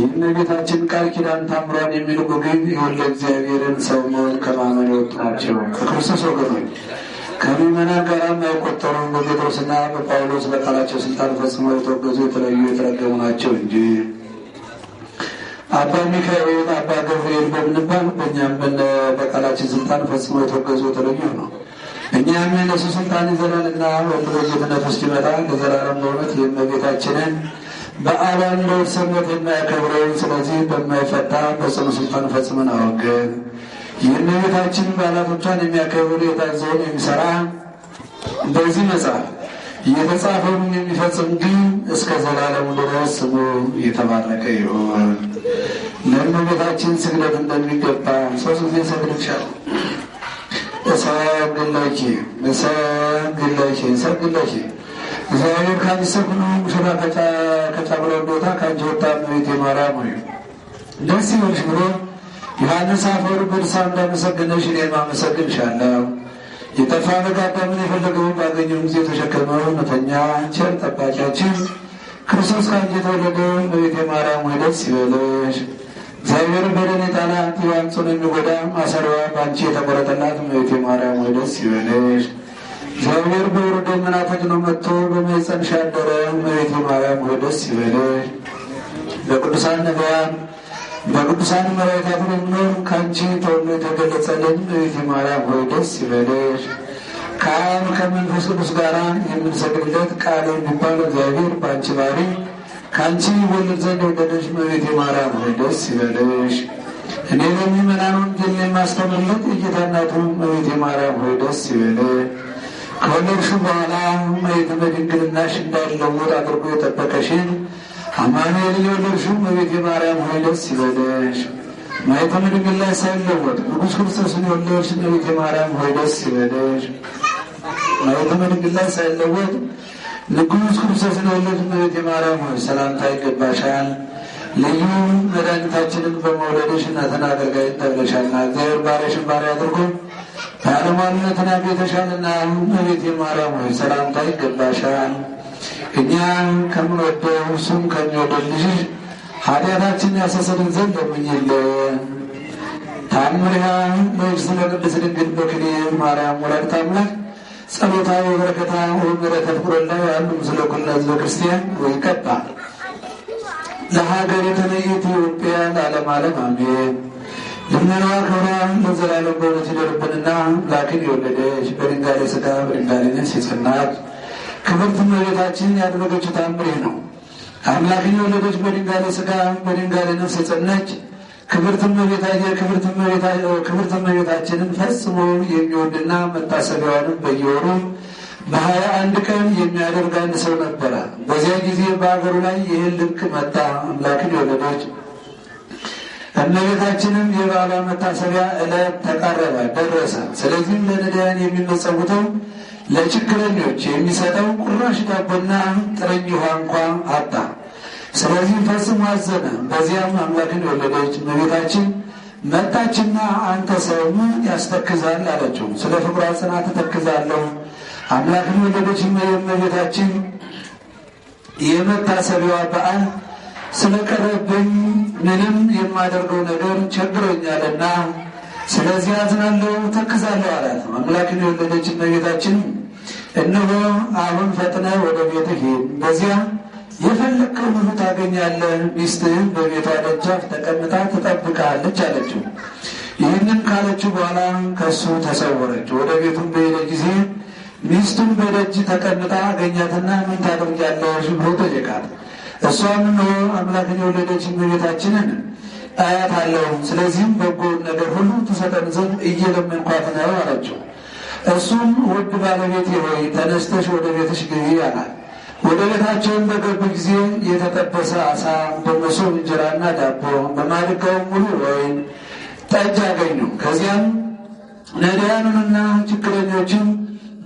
ይህን ቤታችን ቃል ኪዳን ታምሯን የሚልቁ ግን የወልደ እግዚአብሔርን ሰው መሆን ከማመን የወጡ ናቸው። ከክርስቶስ ወገኖች ከምዕመናን ጋር አይቆጠሩም በጴጥሮስና በጳውሎስ በቃላቸው ስልጣን ፈጽመው የተወገዙ የተለዩ የተረገሙ ናቸው እንጂ አባ ሚካኤል፣ አባ ገብርኤል በምንባል በእኛም በቃላችን ስልጣን ፈጽመው የተወገዙ የተለዩ ነው። እኛም የነሱ ስልጣን ይዘናልና ወንድ በጌትነት ውስጥ ይመጣ ለዘላለም በእውነት የእመቤታችንን በዓለም በውስነት የሚያከብረውን ስለዚህ በማይፈታ በጽኑ ስልጣን ፈጽመን አወገን። ይህን ቤታችን በዓላቶቿን የሚያከብር የታዘውን የሚሰራ በዚህ መጽሐፍ እየተጻፈውን የሚፈጽም ግን እስከ ዘላለሙ ድረስ ስሙ እየተባረከ ይሆን። ቤታችን ስግደት እንደሚገባ ሶስት ጊዜ ሰግድሻለሁ። እሰግድልኪ እሰግድልኪ እሰግድልኪ እግዚአብሔር ካንሰብ ሁሉም ስራ ቦታ ከአንቺ ወጣ እመቤቴ ማርያም ሆይ ደስ ይበልሽ ብሎ ዮሐንስ አፈወርቅ በልሳኑ እንዳመሰገነሽ እኔም አመሰግንሻለሁ። የጠፋ በግ አዳምን የፈለገውን ባገኘው ጊዜ የተሸከመው እውነተኛ ቸር ጠባቂያችን ክርስቶስ ከአንቺ የተወለደ እመቤቴ ማርያም ሆይ ደስ ይበልሽ። እግዚአብሔርን በደን የጣላት የዋንጾን የሚጎዳ ማሰሪዋ በአንቺ የተቆረጠላት እመቤቴ ማርያም ሆይ ደስ ይበልሽ። እግዚአብሔር በወርደ ደመና ተጭኖ መጥቶ በማኅፀንሽ ያደረ እመቤቴ ማርያም ሆይ ደስ ይበልሽ። በቅዱሳን ነቢያን በቅዱሳን መላእክት መምህር ከአንቺ ተወልዶ የተገለጸልን እመቤቴ ማርያም ሆይ ደስ ይበልሽ። ከአብ ከመንፈስ ቅዱስ ጋር የምንሰግድለት ቃል የሚባል እግዚአብሔር በአንቺ ባሪ ከአንቺ ይወለድ ዘንድ የወደደች እመቤቴ ማርያም ሆይ ደስ ይበልሽ። እኔ ለሚመናኑን ወንጌል የማስተምርለት የጌታ እናቱ እመቤቴ ማርያም ሆይ ደስ ይበልሽ። ከወለድሽ በኋላ ማኅተመ ድንግልናሽ እንዳይለወጥ አድርጎ የጠበቀሽን አማኑኤል የወለድሽው እመቤቴ ማርያም ሆይ ደስ ይበለሽ። ማኅተመ ላይ ሳይለወጥ ንጉሥ ክርስቶስን የወለድሽ እመቤቴ ማርያም ሆይ ደስ ይበለሽ። ማኅተመ ድንግልናሽ ሳይለወጥ ንጉሥ ክርስቶስን የወለድሽ እመቤቴ ማርያም ሆይ ሰላምታ ይገባሻል። ልዩ መድኃኒታችንን በመውለድሽ እናትን አገልጋይን ተብለሻልና እግዚአብሔር ባሪያሽን ባሪያ አድርጎ ከአለማዊነትና ቤተሻንና እመቤቴ የማርያም ሆይ ሰላምታ ይገባሻል። እኛም ከምንወደው እሱም ከሚወደድ ልጅሽ ኃጢአታችን ያሳሰልን ዘንድ ለምኝልን። ታምሪሃ በእጅ ስለ ድንግል በክሌ ማርያም ወላዲተ አምላክ ጸሎታ በበረከታ ወምረ ፍቅሮላ ያሉ ምስለ ኩሉ ሕዝበ ክርስቲያን ወይቀባ ለሀገር የተለየት ኢትዮጵያ ለዓለም ዓለም አሜን። ልመና ክብሯ ለዘላለም በእውነት ሲደርብንና ላክን የወለደች በድንጋሌ ስጋ በድንጋሌ ነፍስ የጸናች ክብርት እመቤታችን ያደረገችው ታምሬ ነው። አምላክን የወለደች በድንጋሌ ስጋ በድንጋሌ ነፍስ የጸናች ክብርት እመቤታችንን ፈጽሞ የሚወድና መታሰቢያዋንም በየወሩ በሀያ አንድ ቀን የሚያደርግ አንድ ሰው ነበረ። በዚያ ጊዜ በአገሩ ላይ ይህን ልክ መጣ። አምላክን የወለደች እመቤታችንም የባሏ መታሰቢያ ዕለት ተቃረበ ደረሰ። ስለዚህም ለነዳያን የሚመጸውተው ለችግረኞች የሚሰጠው ቁራሽ ዳቦና ጥረኝ ውሃ እንኳ አጣ። ስለዚህም ፈጽሞ አዘነ። በዚያም አምላክን የወለደች እመቤታችን መጣችና አንተ ሰው ምን ያስተክዛል አለችው። ስለ ፍቅሯ ጽናት ተተክዛለሁ። አምላክን የወለደች እመቤታችን የመታሰቢያዋ በዓል ስለቀረብኝ ምንም የማደርገው ነገር ቸግሮኛልና ስለዚህ አዝናለሁ፣ ተክዛለሁ አላት። አምላክን የወለደች እመቤታችን እነሆ አሁን ፈጥነ ወደ ቤትህ ሂድ፣ በዚያ የፈለግከው ሁሉ ታገኛለህ፣ ሚስትህም በቤቷ ደጃፍ ተቀምጣ ትጠብቅሃለች አለችው። ይህንን ካለችው በኋላ ከእሱ ተሰወረች። ወደ ቤቱም በሄደ ጊዜ ሚስቱን በደጅ ተቀምጣ አገኛትና ምን ታደርጊያለሽ ብሎ ጠየቃት። እሷም እንሆ አምላክን የወለደች እመቤታችንን አለው። ስለዚህም በጎውን ነገር ሁሉ ትሰጠን ዘንድ እየለመንኳት ነው አላቸው። እሱም ውድ ባለቤቴ ሆይ ተነስተሽ ወደ ቤትሽ ግቢ አላት። ወደ ቤታቸውን በገቡ ጊዜ የተጠበሰ አሳ በመሶብ እንጀራና ዳቦ በማድጋው ሙሉ ወይን ጠጅ አገኙ። ከዚያም ነዳያኑንና ችግረኞችን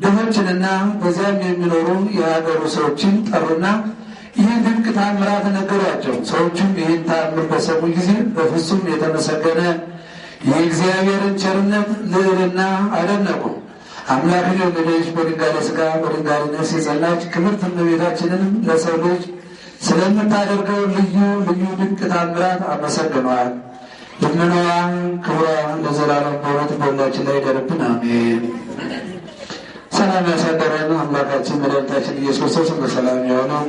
ድሆችንና በዚያም የሚኖሩ የሀገሩ ሰዎችን ጠሩና ይህ ድንቅ ታምራት ነገሯቸው። ሰዎቹም ይህን ታምር በሰሙ ጊዜ በፍጹም የተመሰገነ የእግዚአብሔርን ቸርነት ልዕልና አደነቁ። አምላክን የወለደች በድንጋሌ ስጋ በድንጋሌ ነፍስ የጸናች ክብርት እመቤታችንንም ለሰው ልጅ ስለምታደርገው ልዩ ልዩ ድንቅ ታምራት አመሰግነዋል። ልመናዋ ክብሯ ለዘላለም በእውነት በሁላችን ላይ ይደርብን፣ አሜን። ሰላም ያሳደረን አምላካችን መድኃኒታችን ኢየሱስ ክርስቶስ በሰላም የሆነው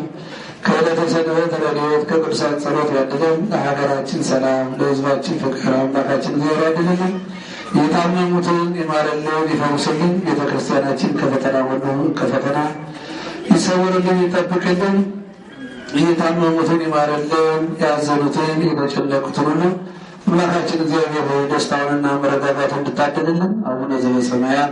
ከዕለተ ሰንበት ረድኤት ከቅዱሳን ጸሎት ያድለን። ለሀገራችን ሰላም፣ ለህዝባችን ፍቅር አምላካችን ዜር ያድልልን። የታመሙትን ይማረልን፣ ይፈውስልን። ቤተክርስቲያናችን ከፈተና ሁሉ ከፈተና ይሰውርልን፣ ይጠብቅልን። የታመሙትን ይማረልን፣ ያዘኑትን፣ የተጨነቁትን ሁሉ አምላካችን እግዚአብሔር ደስታውንና መረጋጋቱን እንድታደልልን አቡነ ዘበሰማያት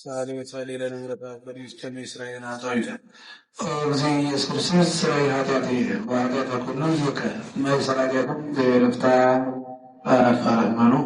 ሰዓሊት ፈሊለን ረባበሪ እስከሚ እስራኤል አጣይተ ኦዚ ኢየሱስ እስራኤል አጣይተ ዋጋ ተኩሉ ይከ ማይሰራገቱ ዘረፍታ አራፋ ነው